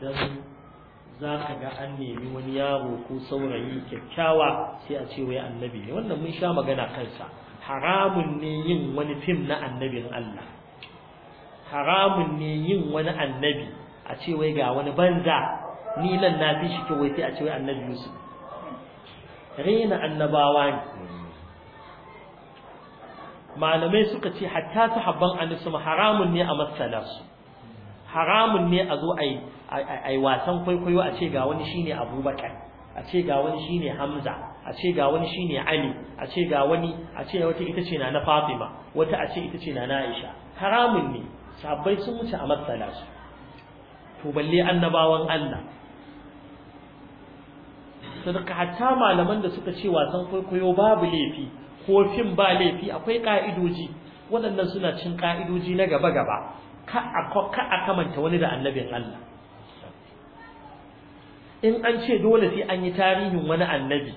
don za ka ga an nemi wani yaro ko saurayi kyakkyawa sai a ce wai annabi ne wannan mun sha magana kansa haramun ne yin wani fim na annabin Allah haramun ne yin wani annabi a ce wai ga wani banza ni nan na fi shi kawai sai a ce wai annabi Yusuf rena annabawa ne malamai suka ce hatta su habban annabi haramun ne a matsala su haramun ne a zo a yi wasan kwaikwayo a ce ga wani shine abubakar a ce ga wani shine hamza a ce ga wani shine ali a ce ga wani a ce wata ita ce na na fatima wata a ce ita ce na na aisha haramun ne sabbai sun wuce a matsala su to balle annabawan allah sadaka hatta malaman da suka ce wasan kwaikwayo babu laifi ko fim ba laifi akwai ka'idoji waɗannan suna cin ka'idoji na gaba-gaba ka a kamanta wani da annabin Allah in an ce dole sai an yi tarihin wani annabi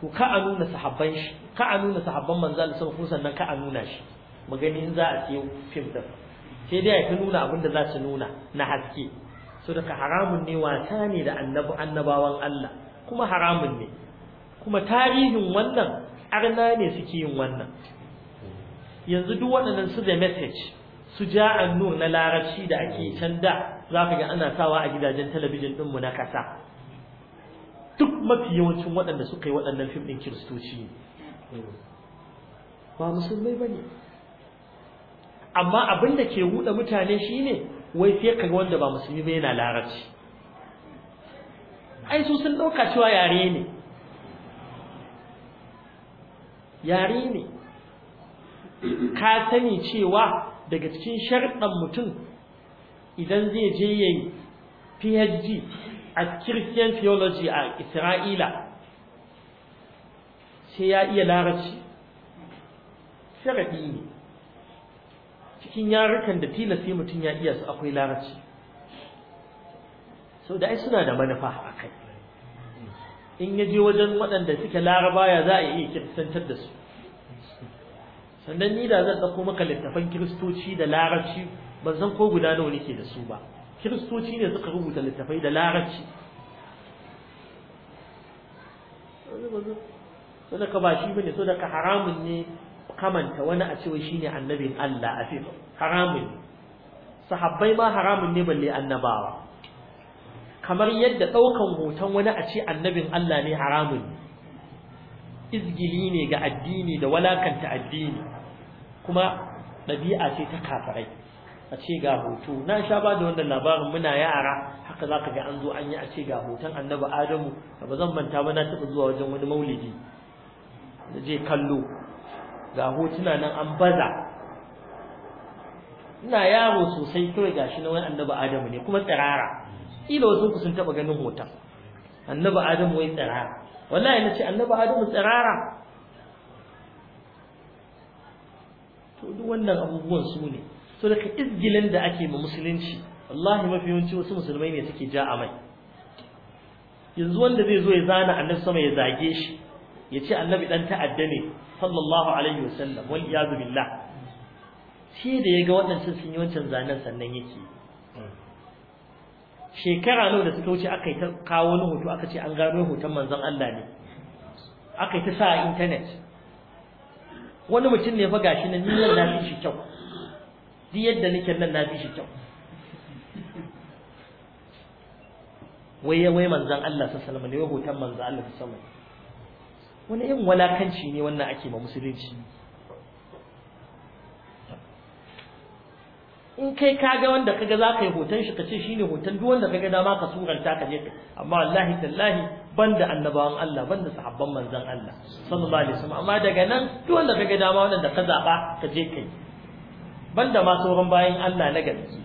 to ka a nuna sahabban shi ka a nuna sahabban manzo Allah sun kusa nan ka a nuna shi mu gani in za a ce fim da sai dai a fi nuna abin da za su nuna na haske so daga haramun ne wasa ne da annabi annabawan Allah kuma haramun ne kuma tarihin wannan arna ne suke yin wannan yanzu duk waɗannan su da message su ja'an nur na larabci da ake can da za ka ga ana sawa a gidajen talabijin ɗinmu na ƙasa duk mafi yawancin waɗanda suka yi waɗannan fim ɗin kiristoci ba musulmai ba ne amma abin da ke buɗe mutane shi ne, wai sai kaga wanda ba musulmi ba yana larabci ai su sun ɗauka cewa yare ne yare ne ka sani cewa daga cikin sharɗan mutum idan zai je yayi phd a christian theology a isra'ila sai ya iya larabci sharaɗi ne cikin yarukan da tilasi mutum ya iya su akwai larabci sau da suna da manufa a kai in ya je wajen waɗanda suke ya za a iya kirtantar da su sannan ni da zan ɗauko maka littafan kiristoci da larabci ban san ko guda nawa nake da su ba kiristoci ne suka rubuta littafai da larabci so da ka ba shi bane so ka haramun ne kamanta wani a cewa shine annabin Allah a fifa haramun ne sahabbai ma haramun ne balle annabawa kamar yadda ɗaukan hoton wani a ce annabin Allah ne haramun izgili ne ga addini da walakanta addini kuma ɗabi'a ce ta kafarai a ce ga hoto na sha ba da wannan labarin muna yara haka za ka ga an zo an yi a ce ga hoton annabi adamu ba zan manta ba na taɓa zuwa wajen wani maulidi da je kallo ga hotuna nan an baza ina yaro sosai kawai gashi na wani annabi adamu ne kuma tsirara Ila wasu ku sun taɓa ganin hoton annabi adamu wai tsirara wallahi na ce annabi adamu tsirara to duk wannan abubuwan su ne so daga izgilin da ake ma musulunci wallahi mafi yawanci wasu musulmai ne suke ja a mai. yanzu wanda zai zo ya zana annabi sama ya zage shi ya ce annabi dan ta'adda ne sallallahu alaihi wasallam wal iyadu billah sai da ya ga waɗancan sun yi wancan zanen sannan yake shekara nawa da suka wuce aka yi ta kawo wani hoto aka ce an gano hoton manzon Allah ne aka yi ta sa a intanet wani mutum ne fa gashi nan ni na fi shi kyau duk yadda nake nan na fi shi kyau wai wai manzon Allah sallallahu alaihi wasallam ne hoton manzon Allah sallallahu alaihi wasallam wani yin walakanci ne wannan ake ma musulunci in kai ka ga wanda kaga za ka yi hoton shi ka ce shine hoton duk wanda kaga dama ka suranta ka je ka amma wallahi tallahi banda annabawan Allah banda sahabban manzon Allah sallallahu alaihi wasallam amma daga nan duk wanda kaga dama wanda ka zaba ka je kai banda ma sauran bayan Allah na gaske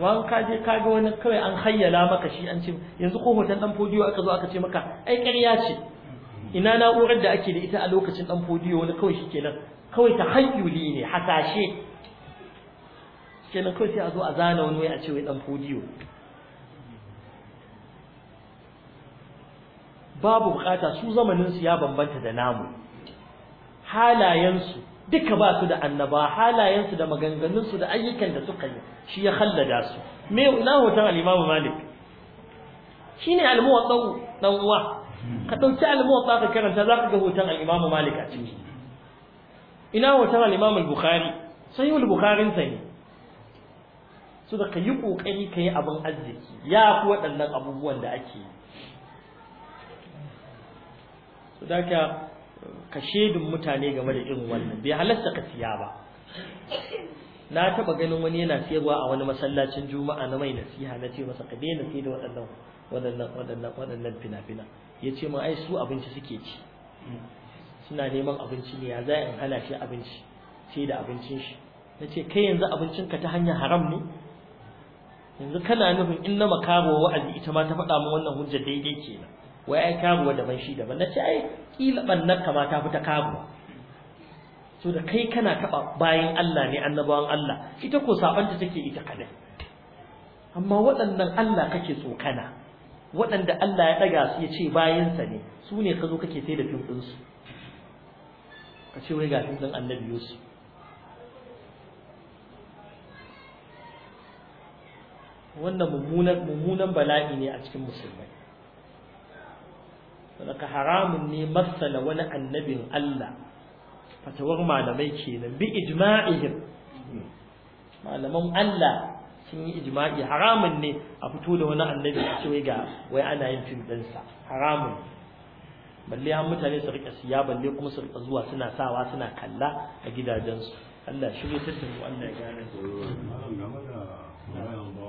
wan ka je ka ga wani kawai an hayyala maka shi an ce yanzu ko hoton dan fodiyo aka zo aka ce maka ai ƙarya ce ina na'urar da ake da ita a lokacin dan fodiyo wani kawai shikenan kawai ta hayyuli ne hasashe kenan kawai sai a zo a zana wani wai a ce wai dan fodiyo babu bukata su zamanin su ya bambanta da namu halayensu duka ba su da annaba halayensu da maganganun su da ayyukan da suka yi shi ya khallada su me ina hoton al-Imam Malik shine al-Muwatta dan uwa ka dauki al-Muwatta ka karanta zaka ga hoton al-Imam Malik a ciki ina hoton al-Imam al-Bukhari Sai al-Bukhari sai suka da ka yi ƙoƙari abin arziki ya fi waɗannan abubuwan da ake yi su da ka ka shaidin mutane game da irin wannan bai halarta ka siya ba na taɓa ganin wani yana siyarwa a wani masallacin juma'a na mai nasiha na ce masa ka daina sai da waɗannan waɗannan waɗannan waɗannan fina-fina ya ce ma ai su abinci suke ci suna neman abinci ne ya za in hana abinci sai da abincin shi na ce kai yanzu abincinka ta hanyar haram ne yanzu kana nufin in na makaruwa wa'azi ita ma ta faɗa min wannan hujja daidai kenan wai ai karuwa daban shi daban nace ai kila bannar kama ta fita karuwa so da kai kana taɓa bayan Allah ne annabawan Allah ita ko sabanta take ita kadai amma waɗannan Allah kake tsokana waɗanda Allah ya ɗaga su ya ce bayansa ne su ne ka zo kake sai da fim ɗinsu ka ce wai ga fim ɗin annabi Yusuf wannan mummunan bala'i ne a cikin musulmai saboda haramun ne masala wani annabin Allah fatawar malamai kenan bi ijma'ihim malaman Allah sun yi ijma'i haramun ne a fito da wani annabi a ce ga wai ana yin fim ɗinsa haramun balle an mutane su rika siya balle kuma su rika zuwa suna sawa suna kalla a gidajensu Allah shirye ta mu Allah ya gane